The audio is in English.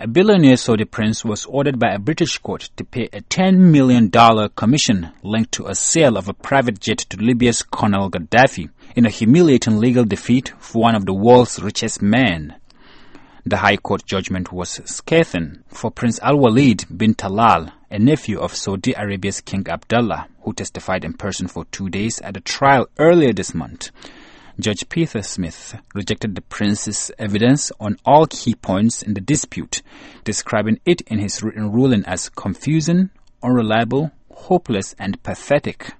A billionaire Saudi prince was ordered by a British court to pay a $10 million commission linked to a sale of a private jet to Libya's Colonel Gaddafi in a humiliating legal defeat for one of the world's richest men. The High Court judgment was scathing for Prince Al Walid bin Talal, a nephew of Saudi Arabia's King Abdullah, who testified in person for two days at a trial earlier this month. Judge Peter Smith rejected the prince's evidence on all key points in the dispute, describing it in his written ruling as confusing, unreliable, hopeless, and pathetic.